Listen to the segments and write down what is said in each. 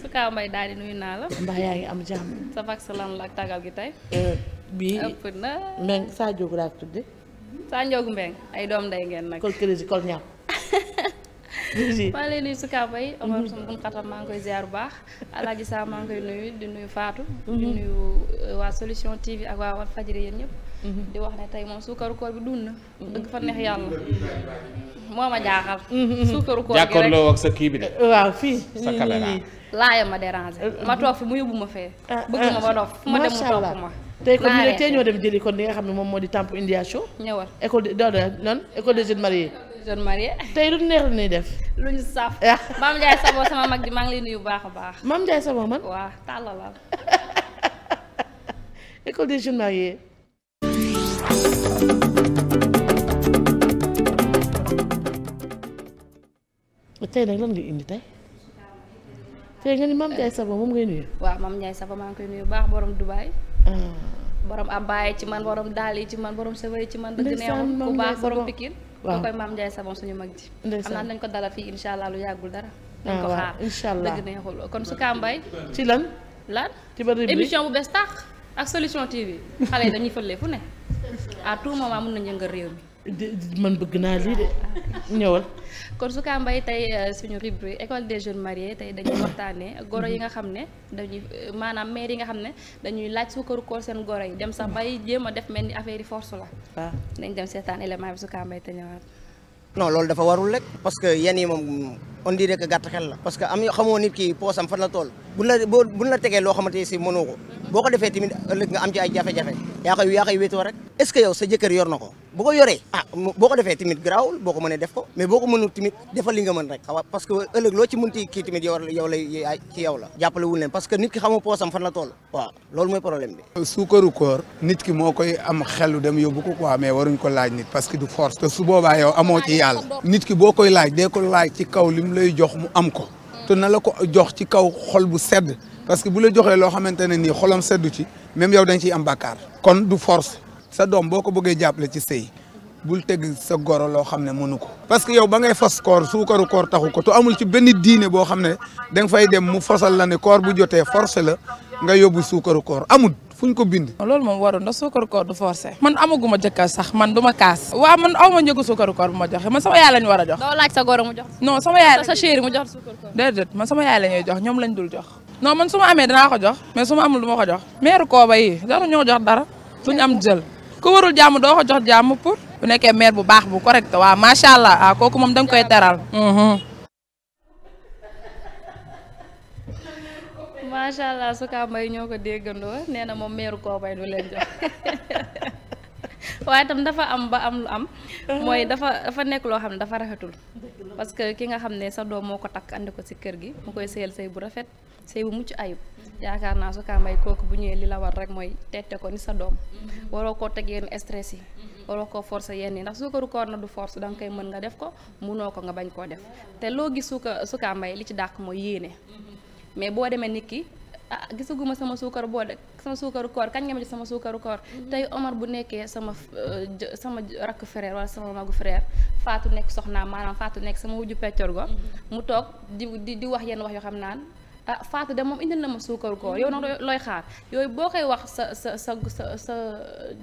su kaa daal di nuyu naa la. mbaa yaa ngi am jàmm. sa vax lan la ak tagal gi tey. Euh, bii ëpp na. Mbeng saa Ndiogu laa tudde. saa Ndiogu Mbeng ay doom day ngeen nag. kol crédit kol ñaam. maa ngi nuyu Souka Mbaye mm-hmm. Omar sama bun xatam maa ngi koy ziar bu baax Alaaji Sa maa ngi koy nuyu di nuyu Fatou mm-hmm. di nuyu euh, waa Solution TV ak waa Walfadjri yéen ñëpp mm-hmm. di wax ne tey moom suukaru koor bi dund na dëgg neex yàlla moo ma jaaxal. Mm, mm, mm. suukaru koor gi rek sa kii bi de. waaw fii sa caméra. laaya ma déranger. Euh, euh. ma toog fi mu yóbbu ma fee. Ah, ah. bëgg ma ba dof fu ma dem mu topp ma. tey kon ñu ne tey ñoo dem jëli kon li nga xam ne moom moo di temple indiation. ñëwal école de dooda nan école des jeunes mariés. jeune marié. tey lu neex lu ñuy def. lu ñu saf. Ah. maam Ndiaye Sabo sama mag di ngi lay nuyu bu baax a baax. maam Ndiaye Sabo man. waaw tàllalal. école des jeunes mariés. tey nag lan nga indi tey. tey nga ni Mame Ndiaye Savon moom ngay nuyu. waaw Mame Ndiaye Savon maa ngi koy nuyu baax borom Dubaay. am ah. abbaay ci man borom daal yi ci man borom sa yi ci man. dëgg neexul ku baax borom Pikine. waaw koy Mame Ndiaye Savon suñu mag ji. xam naa nañ ko dalal fii incha allah lu yàggul dara. Ah, nañ ko xaar dëgg neexul kon su Kambay. ci lan. lan ci bëri bi bu bees tax ak solution TV xale yi dañuy fële fu ne à tout moment mën nañu yëngal réew mi. man bëgg naa lii de ñëwal. kon su yi mbay tey euh, suñu rubrique école des jeunes mariés tey dañuy waxtaanee goro yi nga xam ne dañuy euh, maanaam mais yi nga xam ne dañuy laaj sukkaru koor seen goro yi dem sax bay jéem a def mel ni affaire yi force la. waaw ah. dañ dem seetaan élément bi su kaa te ñëwaat. non loolu dafa warul rek parce que yéen moom on dirait gàtt xel la parce que am xamoo nit loo xamante si boo yow sa ko bu ko ah, boo ko defee tamit garaawul boo ko mënee waruñ ko laaj nit parce que du force te su boobaa yow amoo ci yàlla nit ki boo koy laaj dee ko laaj ci kaw li mu lay jox mu am ko te na la ko jox ci kaw xol bu sedd parce que bu la joxee loo xamante ne nii xolam seddu ci même yow dañ ciy am bàkkaar kon du force sa doom boo ko bëggee jàppale ci sëy bul teg sa goro loo xam ne mënu ko parce que yow ba ngay fas koor suukaru koor taxu ko te amul ci benn diine boo xam ne da nga fay dem mu fasal la ne koor bu jotee force la nga yóbbu suukaru koor amul fu ñu ko bind loolu moom waroon na suukaru koor du forcé man amaguma jëkkër sax man du ma kaas waaw man aw ma njëgu suukaru koor bu ma joxe man sama yaay lañ war a jox doo laaj sa goro mu jox non sama yaay sa chéri mu jox suukaru koor déedéet man sama yaay la ñuy jox ñoom lañ dul jox non man su ma amee danaa ko jox mais su ma amul du ma ko jox meeru kooba yi daru ñoo jox dara suñu am jël ku warul jàmm doo ko jox jàmm pour bu nekkee maire bu baax bu correct waaw macha allah ah kooku moom da nga koy teral mhm. macha allah su kaa mbay ñoo ko déggandoo nee na moom meeru koo bay du leen jox waaye itam dafa am ba am lu am uh-huh. mooy dafa dafa nekk loo xam ne dafa rafetul parce que ki nga xam ne sa doom moo ko takk andi ko si kër gi mu koy seel sëy bu rafet sëy bu mucc ayib uh-huh. yaakaar naa su kaa mbay bu ñëwee li la war rek mooy tette ko ni sa doom uh-huh. waroo koo teg yenn stress yi waroo koo forcer yenn yi ndax suukaru koor na du force danga koy mën nga def ko munoo ko nga bañ koo def te loo gis suuka sukaa mbay li ci dàq mooy yéene mais boo demee nit ki ah gisaguma sama suukaru boo de sama suukaru koor kañ nga ma jox sama suukaru koor mhm. tey Omar bu nekkee sama euh, sama rakk frère wala sama magu frère Faatu nekk soxnaam maanaam Faatu nekk sama wujju peccor go mhm. mu toog di di di wax yenn wax yoo xam naan ah Faatu de moom indil na ma suukaru koor yow nag mhm. looy xaar yooyu boo koy wax sa sa sa sa sa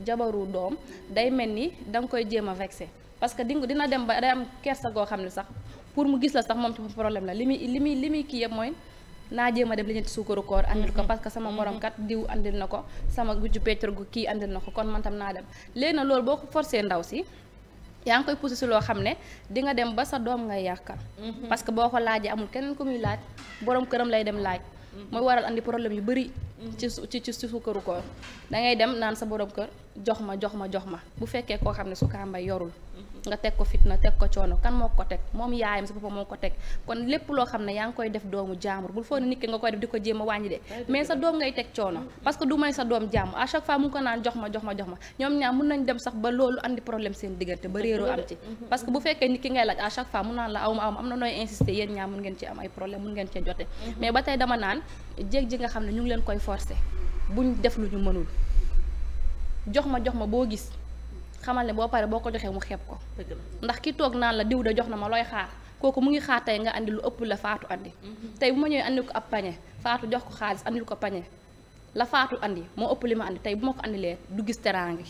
jabaru doom day mel nii da nga koy jéem a vexé parce que dinga dina dem ba day am kersa goo xam ne sax pour mu gis la sax moom ci la li muy li muy li muy kii yëpp mooy naa jéem a def li ñetti suukaru koor andil ko mhm. parce sama morom mhm. kat diw andil na ko sama gujju pétrole gu kii andil na ko kon man tam naa dem léegi na loolu boo ko forcé ndaw si yaa ngi koy poussé si loo xam ne di nga dem ba sa doom ngay yàqal mhm. parce que boo ko laajee amul keneen ku muy laaj borom këram lay dem laaj mooy waral andi problème yu bëri ci ci ci suukaru koor da ngay dem naan sa borom kër jox ma jox ma jox ma bu fekkee koo xam ne su Sukambay yorul nga teg ko fitna teg ko coono kan moo ko teg moom yaayam si boppam moo ko teg kon lépp loo xam ne yaa ngi koy def doomu jaamur bul foo ne nit ki nga koy def di ko jéem a wàññi de mais sa doom ngay teg coono parce que naan jox ma jox ma jox ma ñoom ñaar mun nañ dem sax ba loolu andi ba réeroo am ci mm-hmm. parce que bu fekkee nit ngay laaj à chaque fois mun naan la awma awma am na nooy insister yéen ñaar mun ngeen ci am ay problème mun ngeen cee jote mm-hmm. mais ba tey dama naan jéeg ji nga xam ne ñu ngi leen koy forcer buñ def lu ñu mënul jox ma jox ma boo gis xamal ne boo paree boo ko joxee mu xeeb ko ndax ki toog naan la diw de jox na ma looy xaar kooku mu ngi xaar tey nga andi lu ëpp la faatu andi mhm. tey bu ma ñëwee andi ko ab pañe faatu jox ko xaalis andi ko pañe la faatu andi moo ëpp li ma andi tey bu ma ko andilee du gis teraange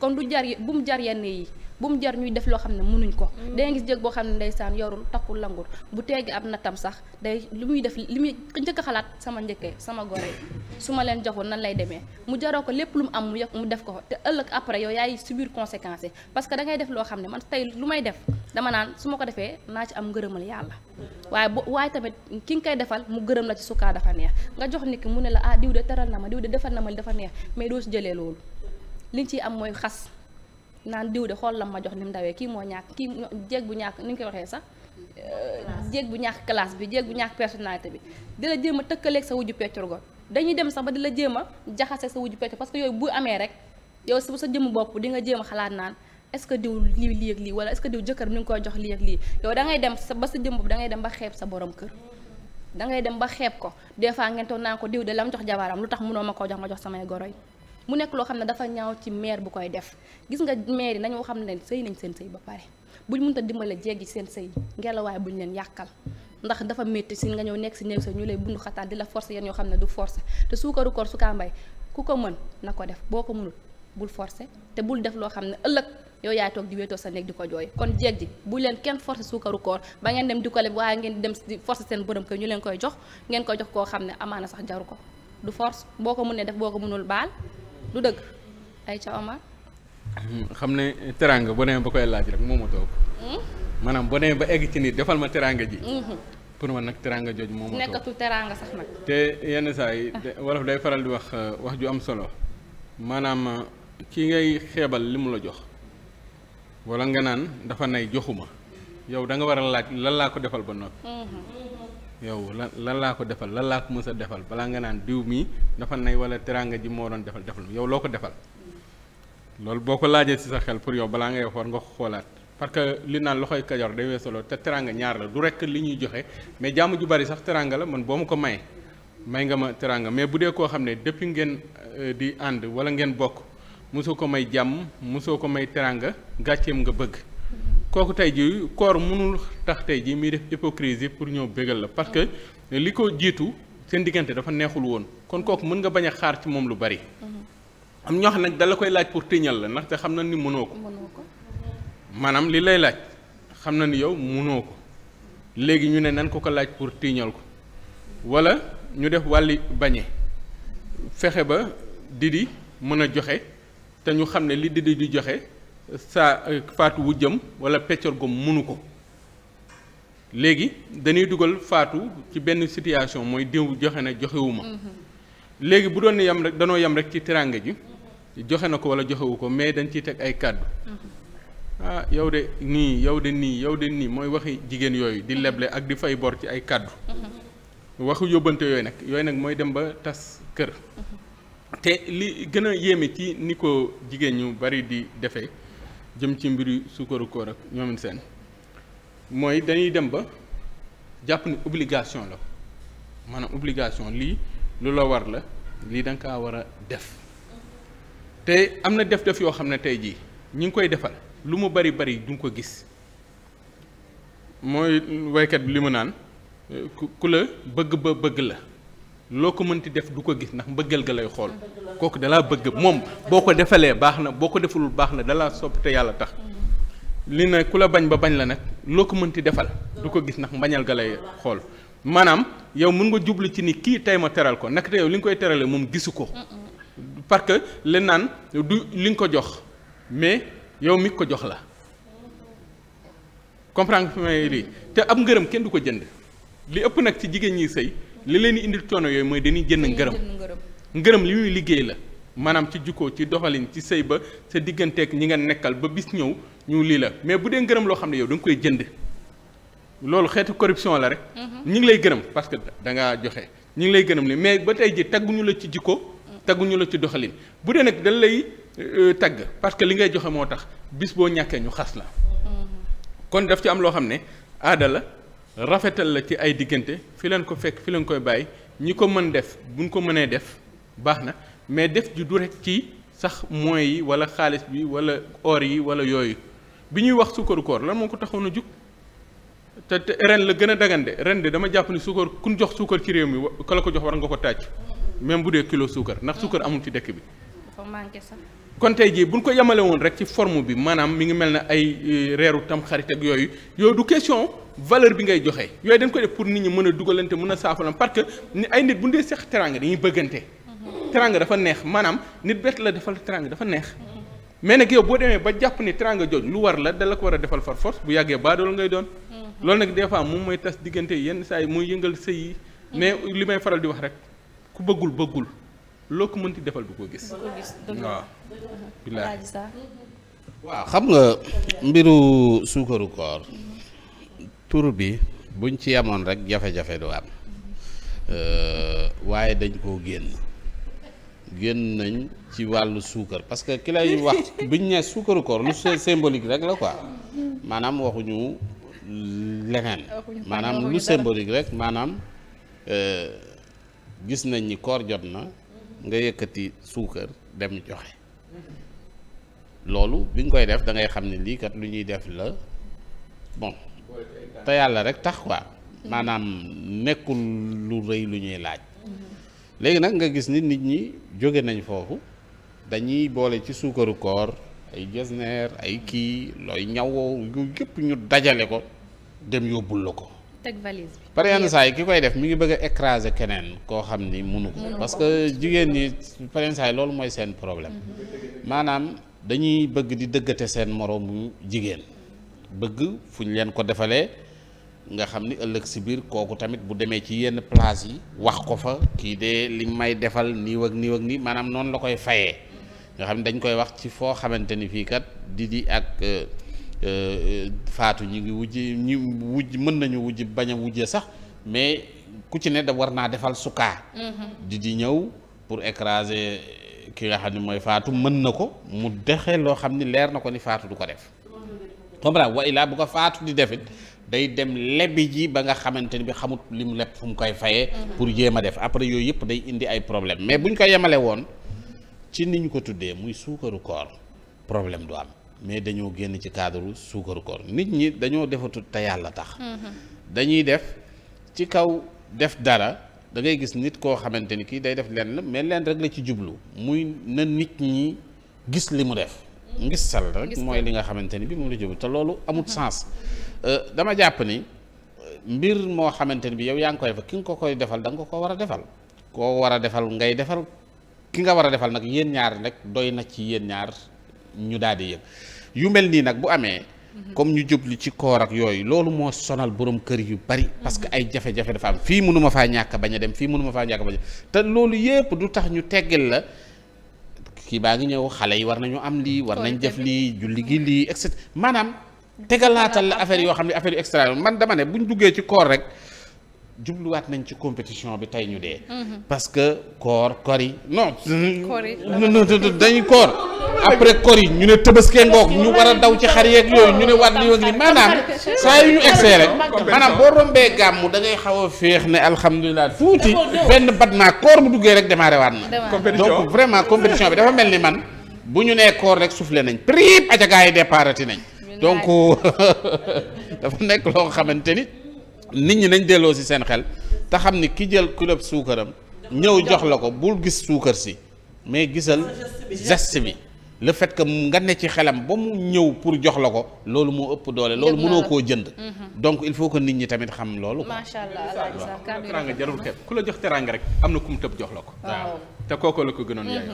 kon du jar bu mu jar yenn yi bu mu jar ñuy def loo xam ne mënuñ ko mm. danga gis jég boo xam ne ndeysaan yorul takkul langur bu tegg ab nattam sax day lu muy def li muy njëkk xalaat sama njëkkee sama gore su ma leen joxul nan lay demee mu jaroo ko lépp lu mu am mu mu def ko te ëllëg après yow yaay subir conséquences parce que da ngay def loo xam ne man tey lu may def dama naan su ma ko defee naa ci am ngërëmal yàlla waaye bu waaye tamit ki nga koy defal mu gërëm la ci sukaa dafa neex nga jox nit mu ne la ah diw de na ma diw de defal na ma dafa neex mais doo ci jëlee loolu li nga ciy am mooy xas naan diw de xool lam ma jox ni mu dawee kii moo ñàkk kii jéeg bu ñàkk ni ñu koy waxee sax jéeg bu ñàkk classe bi jéeg bu ñàkk personnalité bi di la jéem a tëkkaleeg sa wujju peccor go dañuy dem sax ba la jéem a jaxase sa wujju parce que yooyu bu amee rek yow su sa jëmu bopp di nga jéem a xalaat naan est-ce que diw lii lii ak lii wala diw jëkkër mi ngi koy jox lii ak lii yow da ngay dem sa ba sa jëm bopp da ngay dem ba xeeb sa borom kër da ngay dem ba xeeb ko des fois ngeen toog naan ko diw de la mu jox jabaram lu tax mënoo ma koo jox ma jox samay goro yi mu nekk loo xam ne dafa ñaaw ci maire bu koy def gis nga maire yi nañoo xam ne sëy nañ seen sëy ba pare buñ mënta dimbale jéggi seen sëy ngelawaay ñu leen yàqal ndax dafa métti si nga ñëw nekk si néeg sa ñu lay bundu xataan di la forcer yéen yoo xam ne du forcer te suukaru koor su kaa mbay ku ko mën na ko def boo ko mënul bul forcer te bul def loo xam ne ëllëg yow yaay toog di sa néeg di ko jooy kon jeeg ji bu leen kenn forcer suukaru koor ba ngeen dem di ko leb waaye ngeen dem di forcer seen borom kër ñu leen koy jox ngeen koy jox koo xam ne amaana sax jaru ko du force boo ko mënee def boo ko mënul baal du dëgg ay ca Omar hmm, xam ne teraanga boo demee ba koy laaj rek moom ma toog hmm? maanaam boo ba egg ci nii defal ma teraanga ji hmm. pour man nag teraanga jooju moom ma toog nekkatul teraanga sax nag te yenn saa yi wolof day faral di wax uh, wax ju am solo maanaam uh, kii ngay xeebal li mu la jox wala nga naan dafa nay joxuma yow da nga war a laaj lan laa ko defal ba noppi yow lan lan laa ko defal lan laa ko mës a defal balaa nga naan diw mi dafa nay wala teraanga ji moo doon defal defal yow loo ko defal loolu boo ko laajee ci sa xel pour yow balaa ngay war nga ko xoolaat parce que li naan loxoy kajoor day weesaloo te teraanga ñaar la du rekk li ñuy joxe mais jàmm ju bari sax teraanga la man boo ma ko may may nga ma teraanga mais bu dee koo xam ne depuis ngeen euh, di ànd wala ngeen bokk mosoo ko may jàmm mosoo ko may teraanga gàcceem nga bëgg. kooku tey jii koor mënul tax tey jii muy def hypocrisie pour ñëw bégal la parce que li ko jiitu seen diggante dafa neexul woon kon kooku mën nga bañ a xaar ci moom lu bari. Mhm. am ñoo xam nag dala koy laaj pour tiñal la ndaxte xam na ni mënoo ko. maanaam li lay laaj xam na ni yow mënoo ko léegi ñu ne nan ko ko laaj pour tiiñal ko wala ñu def wàlli bañe fexe ba di di mën a joxe te ñu xam ne li didi di joxe. saa euh, faatuwu jëm wala peccor gom mënu ko léegi dañuy dugal faatu ci benn situation mooy diw joxe na joxewuma mm-hmm. léegi bu doon yam rek danoo yam rek ci teraanga ji joxe na ko wala joxewu ko mais dañ ciy teg ay kàddu mm-hmm. ah yow de nii yow de nii yow de nii mooy waxi jigéen yooyu di leble ak di fay bor ci ay kàddu mm-hmm. waxu yóbbante yooyu nag yooyu nag mooy dem ba tas kër te li gën a yéeme ci ni ko jigéen ñu bari di defee jëm ci mbiru suukaru koor ak ñoomin seen mooy dañuy dem ba jàpp ni obligation la maanaam obligation lii lu la war la lii da nga war a def te am na def-def yoo xam ne tey jii ñi ngi koy defal lu mu bari bari du nga ko gis mooy waykat bi li mu naan ku la bëgg ba bëgg la loo ko mënti def du ko gis ndax mbëggal ga lay xool kooku dalaa bëgg moom boo ko defalee baax na boo ko defalul baax na dalaa sopp te yàlla tax li ne ku la bañ ba bañ la nag loo ko mënti defal du ko gis ndax mbañal ga lay xool maanaam yow mun nga jublu ci ni kii tey ma teral ko nag te yow li nga koy teralee moom gisu ko parce que leen naan du li nga ko jox mais yow mi ko jox la comprendre nga may lii te ab ngërëm kenn du ko jënd li ëpp nag ci jigéen ñi sëy li leen di indil coono yooyu mooy dañuy jënd ngërëm ngërëm li muy liggéey la maanaam ci jukkoo ci doxalin ci sëy ba sa digganteeg ñi nga nekkal ba bis ñëw ñu lii la mais bu dee ngërëm loo xam ne yow da nga koy jënd loolu xeetu corruption la rek. Mm-hmm. ñi ngi lay gërëm parce que da joxe ñi ngi lay gërëm li mais ba tey ji tagguñu la ci jikko. tagguñu la ci doxalin bu dee nag dañ lay euh, tagg parce que li ngay joxe moo tax bis boo ñàkkee ñu xas la. Mm-hmm. kon daf ci am loo xam ne aada la. rafetal la ci ay diggante fi leen ko fekk fi leen koy bàyyi ñi ko mën def buñ ko mënee def baax na mais def ju du rek ci sax mooy yi wala xaalis bi wala or yi wala yooyu bi ñuy wax suukaru koor lan moo ko taxoon a jug te te ren la gën a dagande ren de dama jàpp ni suukar ku ñu jox suukar ci réew mi ka la ko jox war nga ko tàcc même bu dee kilo suukar ndax suukar amul ci dëkk bi. dafa manqué kon tey jii bu ñu ko yemale woon rek ci forme bi maanaam mi ngi mel ne ay eh, reeru tam xarit yooyu yooyu question valeur bi ngay joxe yooyu dañ ko def pour nit ñi mën a dugalante mën a saafalam parce que ni ay nit bu dee seq teraanga dañuy bëggante. Mhm. teraanga dafa neex maanaam nit bett la defal teraanga dafa neex. Mhm. mais nag yow boo demee ba jàpp ni teraanga jooju lu war la da la ko war a defal far force bu yàggee baa baadoolo ngay doon. Mhm. loolu nag des fois moom mooy tas diggante yenn saa yi muy yëngal sëy yi. mais li may faral di wax rek ku bëggul bëggul loo ko mënti defal du ko gis. waaw. bilaay waaw xam nga mbiru suukaru koor. tur bi buñ ci yemoon rek jafe-jafe du am euh, waaye dañ koo génn génn nañ ci wàllu suukar parce que ki lay wax biñ ne suukaru koor lu symbolique rek la quoi maanaam waxuñu leneen maanaam lu symbolique rek maanaam euh, gis nañ ni koor jot na nga yëkkati suukar dem joxe loolu bi nga koy def da ngay xam ne liikat lu ñuy def la bon te yàlla rek tax quoi maanaam nekkul lu rëy lu ñuy laaj léegi nag nga gis ni nit ñi jóge nañ foofu dañuy boole ci suukaru koor ay neer ay kii looy ñawoo yu yëpp ñu dajale ko dem yóbbul la ko teg valise saa yi ki koy def mi ngi bëgg a keneen koo xam ni munu ko parce que jigéen ñi par yenn loolu mooy seen problème mhm. maanaam dañuy bëgg di dëggate seen moroomu jigéen bëgg fu ñu leen ko defalee nga xam ni ëllëg si biir kooku tamit bu demee ci yenn place yi wax ko fa kii de li may defal nii ak nii ak nii maanaam noonu la koy fayee nga xam ne dañ koy wax ci foo xamante ni fii kat di di ak euh, euh, faatu ñu ngi wujj ñi wujj mën nañu wujj bañ a wujje sax mais ku ci ne da war naa defal sukaa mm-hmm. di di ñëw pour écraser ki nga xam ne mooy faatu mën na ko mu dexe loo xam ni leer na ko ni faatu du ko def comprend wa illaa bu ko faatu di defit day dem lebi ji ba nga xamante ni bi xamut li mu leb fu mu koy fayee pour jéem a def après yooyu yëpp day indi ay problème mais bu ñu ko yemale woon ci ni ñu ko tuddee muy suukaru koor problème du am mais dañoo génn ci cadre suukaru koor nit ñi dañoo defatut te yàlla tax dañuy def ci kaw def dara dangay gis nit koo xamante ni kii day def leen lenn mais leen rek la ci jublu muy na nit ñi gis li mu def ngistal rek mooy li nga xamante ni bi moom la jublu te loolu amut sens euh, dama jàpp ni euh, mbir moo xamante ni bi yow yaa ngi koy def ki nga ko koy defal danga nga ko war a defal koo war a defal ngay defal ki nga war a defal nag yéen ñaar rek doy na ci yéen ñaar ñu daal di yëg yu mel nii nag bu amee mhm. comme ñu jublu ci koor ak yooyu loolu moo sonal borom kër yu bari parce que mhm. ay jafe-jafe dafa am fii mënuma faa ñàkk bañ a dem fii mënuma faa ñàkk bañ a te loolu yépp ñu teggil la kii baa ngi ñëw xale yi war nañu am lii war nañ def lii julli gi lii et cetera maanaam tegalaatal la affaire yoo xam ne affaire yu extra man dama ne ñu duggee ci koor rek jubluwaat nañ ci compétition bi tey ñu dee. Mhm. parce que koor kor yi non. koor yi dañuy koor. après kor yi ñu ne tëbëskee ngoog ñu war a daw ci xar yeeg yooyu ñu ne waat li wëg li maanaam saa yu ñu egsee rek maanaam boo rombee gàmm da ngay xaw a féex ne alhamdulilah tuuti benn bat naa koor bu duggee rek démarré waat na donc vraiment compétition bi dafa mel ni man bu ñu nee koor rek soufflé nañ priip aja gaa yi déparati nañ donc dafa nekk loo xamante ni nit ñi nañ delloo si seen xel te xam ne ki jël kulëb suukaram ñëw jox la ko bul gis suukar si mais gisal geste bi le fait que nga ne ci xelam ba mu ñëw pour jox la ko loolu moo ëpp doole loolu mënoo koo jënd mhm. donc il faut que nit ñi tamit xam loolu macha allah teraanga jarul xeeb ku la jox teraanga rek am na ku mu tëb jox la ko waaw te kooku la ko gënoon mhm. yaay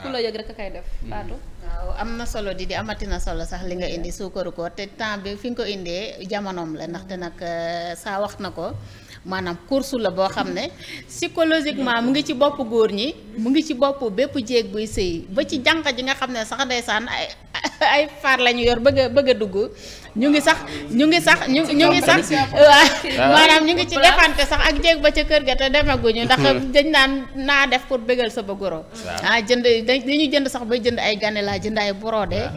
ku la yëg a kay def mm-hmm. Fatou waaw am na solo di di amati na solo sax li nga indi suukaru koor te temps bi fi nga ko indee jamonoom la ndax ndaxte nag euh, saa wax na ko maanaam course la boo xam ne psychologiquement mu ngi ci bopp góor ñi mu ngi ci bopp bépp jéeg buy sëy ba ci jànq ji nga xam ne sax ndeysaan ay ay faar la ñu yor bëgg a bëgg a dugg ñu ngi sax ñu ngi sax ñu ñu ngi maanaam ñu ngi ci defante sax ak jéeg ba ca kër ga te ñu ndax hmm. dañ naan naa def pour bégal sa ba goro ah jënd dañuy jënd sax bay jënd ay gane laa jënd ay brodé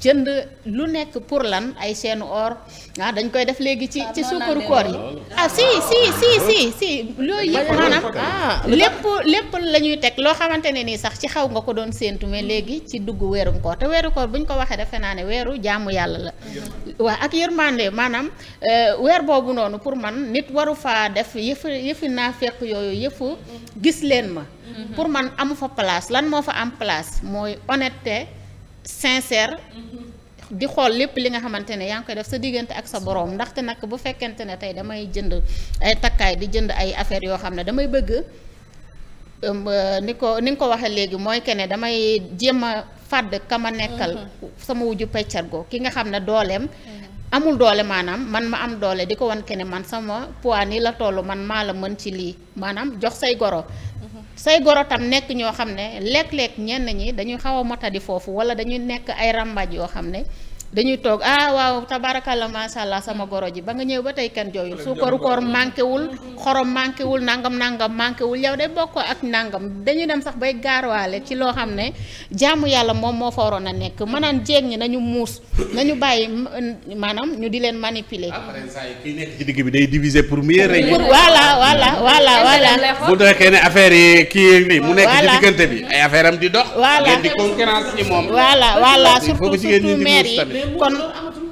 jënd lu nekk pour lan ay seenu or ah dañ koy def léegi ci ci suukaru koor yi ah si si si si si yëpp maanaam ah, lépp lépp la ñuy teg loo xamante ne nii sax ci xaw nga ko doon séentu mais léegi ci dugg weerum koor te weeru cor bu ñu ko waxee defe naa ne weeru jaamu yàlla la waa ak yërmande maanaam eh, weer boobu noonu pour man nit waru faa def yëfu yëfi naa fekk yooyu yëfu gis leen ma mm-hmm. pour man amu fa place lan moo fa am place mooy honnêteté sincère di xool lépp li nga xamante ne yaa ngi koy def sa diggante ak sa borom ndaxte nag bu fekkente ne tey damay jënd ay takkaay di jënd ay affaires yoo xam ne damay bëgg um, uh, ni ko ni nga ko waxee léegi mooy que ne damay jéem a fàdd kama nekkal mm-hmm. sama wuju peccargo ki nga xam ne dooleem amul doole maanaam man ma am doole di ko wan kene man sama poids nii la toll man maa la mën ci lii maanaam jox say goro say goro tam nekk ñoo xam ne léeg-léeg ñenn ñi dañuy xaw a di foofu wala dañuy nekk ay ràmbaaj yoo xam ne dañuy toog ah waaw tabaarakalla macha allah sama goro ji ba nga ñëw ba tey kenn jooyul suukaru koor manqué wul xorom manqué wul nangam nangam manqué wul yow de bokk ak nangam dañuy dem sax bay gaarwaale ci loo xam ne jàmm yàlla moom moo fa waroon a nekk maanaam jéeg ñi nañu muus nañu bàyyi maanaam ñu di leen manipuler. après saa yi kii bi day diviser pour mieux régner. pour voilà voilà ne affaire yi kii mu nekk ci diggante bi affaire am di dox. voilà ngeen di concurrence ci moom. voilà voilà surtout surtout maire yi kon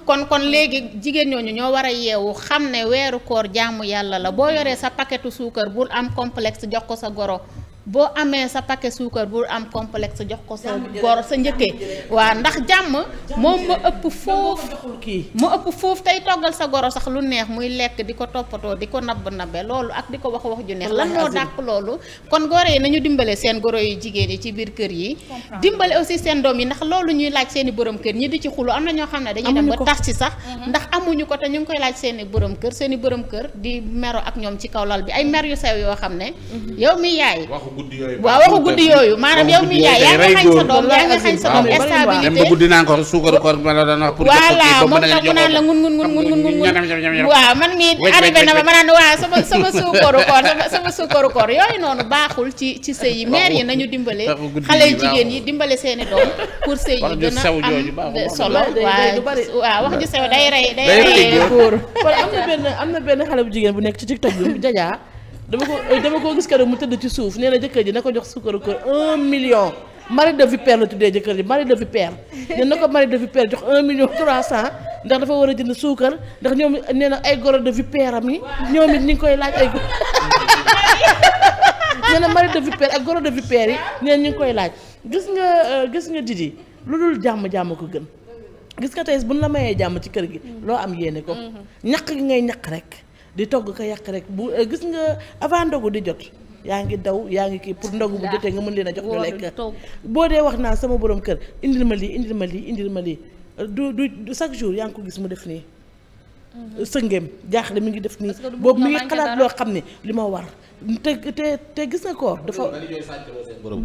kon kon léegi jigéen ñooñu ñoo war a yeewu xam ne weeru koor jaamu yàlla la boo yoree sa paquetu suukar bul am complexe jox ko sa goro boo amee sa paquet suukar bu am sa jox ko sa goro sa njëkkee waa ndax jàmm moom ma ëpp foofu ma ëpp foofu tey toggal sa goro sax lu neex muy lekk di ko toppatoo di ko nabb nabbe loolu ak di ko wax wax ju neex lan moo dàq loolu kon goro yi nañu dimbale seen goro yu jigéen yi ci biir kër yi dimbale aussi seen doom yi ndax loolu ñuy laaj seeni i borom kër ñi di ci xulu am na ñoo xam ne dañuy dem ba tas ci sax mhm. ndax amuñu ko te ñu ngi koy laaj seen borom kër seen borom kër di mero ak ñoom ci kaw lal bi ay mer yu sew yoo xam ne mhm. yow mi yaay guddi yooyu. waaw waxu guddi yooyu maanaam yow mi yaay yaa nga xañ sa doom yaa nga xañ sa doom stabilité dem ba guddi naa ko suukaru koor ma la doon wax pour voilà moom nag mu naan la ngun ngun ngun ngun ngun ngun waaw man mii arrivé na ma ma naan waaw sama sama suukaru koor sama sama suukaru koor yooyu noonu baaxul ci sëy yi mère yi nañu dimbale xale jigéen yi dimbale seeni doom pour sëy yi gën a am solo waaw wax ju sew day rey day rey góor am na benn am na benn xale bu jigéen bu nekk ci TikTok bi jajaa dama ko eh, dama ko gis keroog mu tëdd ci suuf nee na jëkkër ji na ko jox sukkaru koor un million mari de vipère la tuddee jëkkër ji mari de vipère nee ko mari de vipère jox un million dafa war a jënd suukar ndax ñoom nee na ay goro de vipère am yi ñoom it ngi koy laaj ay goro na mari de vipère ak goro de vipère yi nee ñu ngi koy laaj gis nga euh, gis nga Didi lu dul jàmm-jàmm ko gën gis nga tey buñ la mayee jàmm ci kër gi loo am yéene ko mm-hmm. ñaq gi ngay ñaq rek di togg ko yàq rek bu eh, gis nga avant ndogu di jot yaa ngi daw yaa ngi kii pour ndogu bu jotee nga mën leen a jox ñu lekk boo dee wax naa sama borom kër indil ma lii indil ma lii indil ma lii du du chaque jour yaa ngi ko gis mu def nii Mm-hmm. sëngeem jaaxle mu ngi def nii boobu mi ngi xalaat loo xam ne li ma war te te te gis nga koor dafa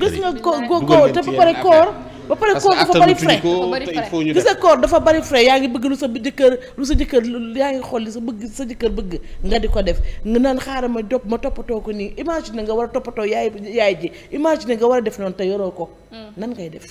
gis nga ko ko ba pare koor ba pare koor dafa bari frais gis nga koor dafa bari frais yaa ngi bëgg lu sa jëkkër lu sa jëkkër lu yaa ngi xool li sa bëgg sa jëkkër bëgg nga di ko def nga naan xaaral ma dop ma toppatoo ko nii imagine nga war a toppatoo yaay yaay ji imagine nga war a def noonu te yoroo ko mm. nan ngay def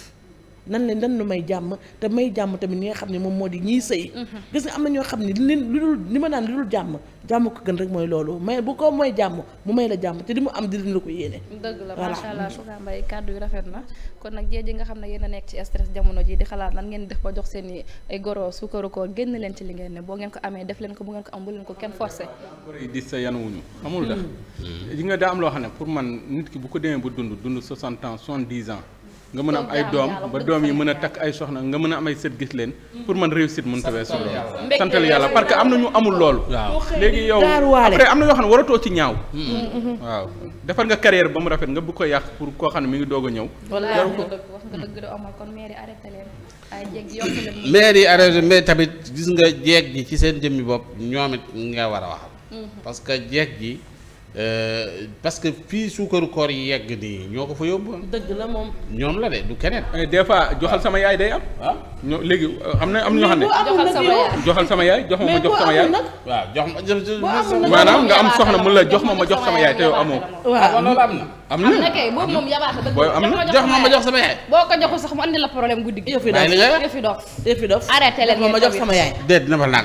nan leen nan lu may jàmm te may jàmm tamit ñi nga xam ne moom moo di ñiy sëy mhm. gis nga am na ñoo xam ne li lu dul li ma naan lu dul jàmm jàmm ko gën rek mooy loolu may bu ko mooy jàmm mu may la jàmm te di mu am di leen la ko yéene dëgg la macha allah Soxna Mbaye rafet na kon nag jéeg yi nga xam ne yéen a nekk ci stress jamono ji di xalaat nan ngeen def ba jox seen i ay goro suukaru koor génn leen ci li ngeen ne boo ngeen ko amee def leen ko bu ngeen ko am bu leen ko kenn forcé di sa yan wuñu amul da yi mm. nga daa am loo xam ne pour man nit ki bu ko demee bu dund dund 60 ans 70 ans nga mën a am ay doom ba doom yi mën a takk ay soxna nga mën a am ay sët gis leen mm-hmm. pour man réussite mën ta weesu loolu santal yàlla parce que am na ñu amul loolu waaw léegi yow après am na yoo xam ne waratoo ci ñaaw mm-hmm. Mm-hmm. waaw defar nga carrière ba mu rafet nga bëgg ko yàq pour koo xam ne mu ngi doog a ñëw jaru ko maire yi arrêté mais tamit gis nga jeeg ji ci seen jëmmi bopp ñoom it nga war a waxal parce que jeeg ji Euh, parce que fii suukaru koor yi yegg nii ñoo ko fa yóbbu. dëgg la moom. ñoom la de du keneen. Eh, des fois joxal sama yaay day am. waaw ah? ñoo léegi euh, am na am ñoo xam ne. joxal sama yaay joxal sama yaay jox ma ma jox sama yaay. waaw jox am soxna mu la jox ma ma jox sama yaay te yow amoo. waaw ah, na. am na am na kay boobu moom yabaata dëgg la jox ma ma jox sama yaay. boo ko joxul sax mu andi la problème guddi gi. yëfi dof yëfi dof yëfi dof. arrêté leen ma jox sama yaay. déet na fa naan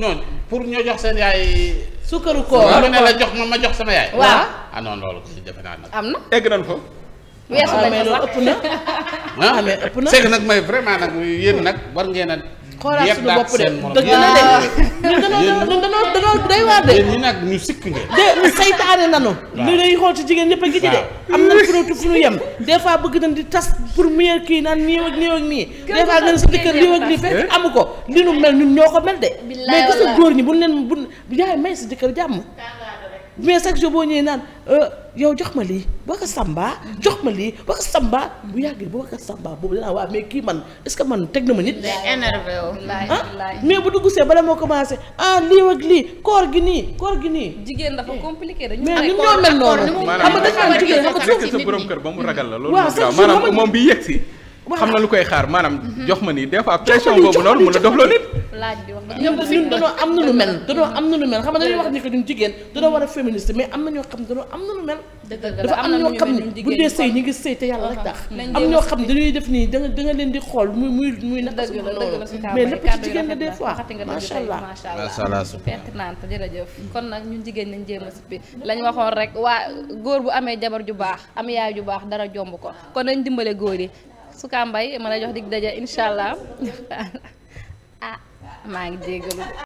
non pour ñoo jox seen yaay suukaru koor waaw ne la jox ma ma jox sama yaay. waaw ah, ah non loolu defe naa nag. am na egg nañ fa. weesu nañ ah, ko sax ëpp na. Ah, ah mais ëpp na c'est que nag may vraiment nag yéen nag war ngeen xoolaat suñu bopp ah. de dëgg la de ñu danoo danoo danoo day waar de ñi nag ñu sikk de saytaane nanu li lay xool ci jigéen ñëpp a ngi ci de am na protu fu ñu yem des bëgg nañ di tas pour mieux kii naan nii ak nii ak nii des fois nga ne sa ak lii fekk eh? amu ko li nu mel ñun ñoo ko mel de mais gis nga góor ñi buñ leen buñ yaay may sa jëkkër jàmm mais chaque jour boo ñëwee naan euh, yow jox ma lii Boubacar Samba jox ma lii Boubacar Samba bu yàggee Boubacar Samba boobu danaa waa mais kii man est-ce que man teg na ma nit. day énervé ah, mais bu dugg see bala moo commencé ah lii ak lii koor gi nii koor gi nii. jigéen dafa compliqué dañu mais ñun ñoo mel noonu. maanaam xam nga dañu naan jigéen dafa tuuti nit ñi waaw sax moom bi yegg xam na lu koy xaar maanaam mhm. jox ma nii des fois pression boobu noonu mun a doxloo nit laaj bi wax ñoom ñun dañoo am na lu mel dañoo am na lu mel xam a féministe mais am na ñoo xam ne bu dee sëy ñu ngi sëy te yàlla rek tax am ñoo xam ne dañuy def nii danga da nga leen di xool muy muy muy naka su noonu mais lépp ci jigéen la des fois macha allah macha allah su pertinente jërëjëf mm. kon nag ñun a suppi lañ waxoon rek waa góor bu amee jabar ju baax am yaay ju baax dara jomb ko kon nañ dimbale góor yi Souka Mbaye ma lay jox dig daje incha allah ah maa ngi jégalu.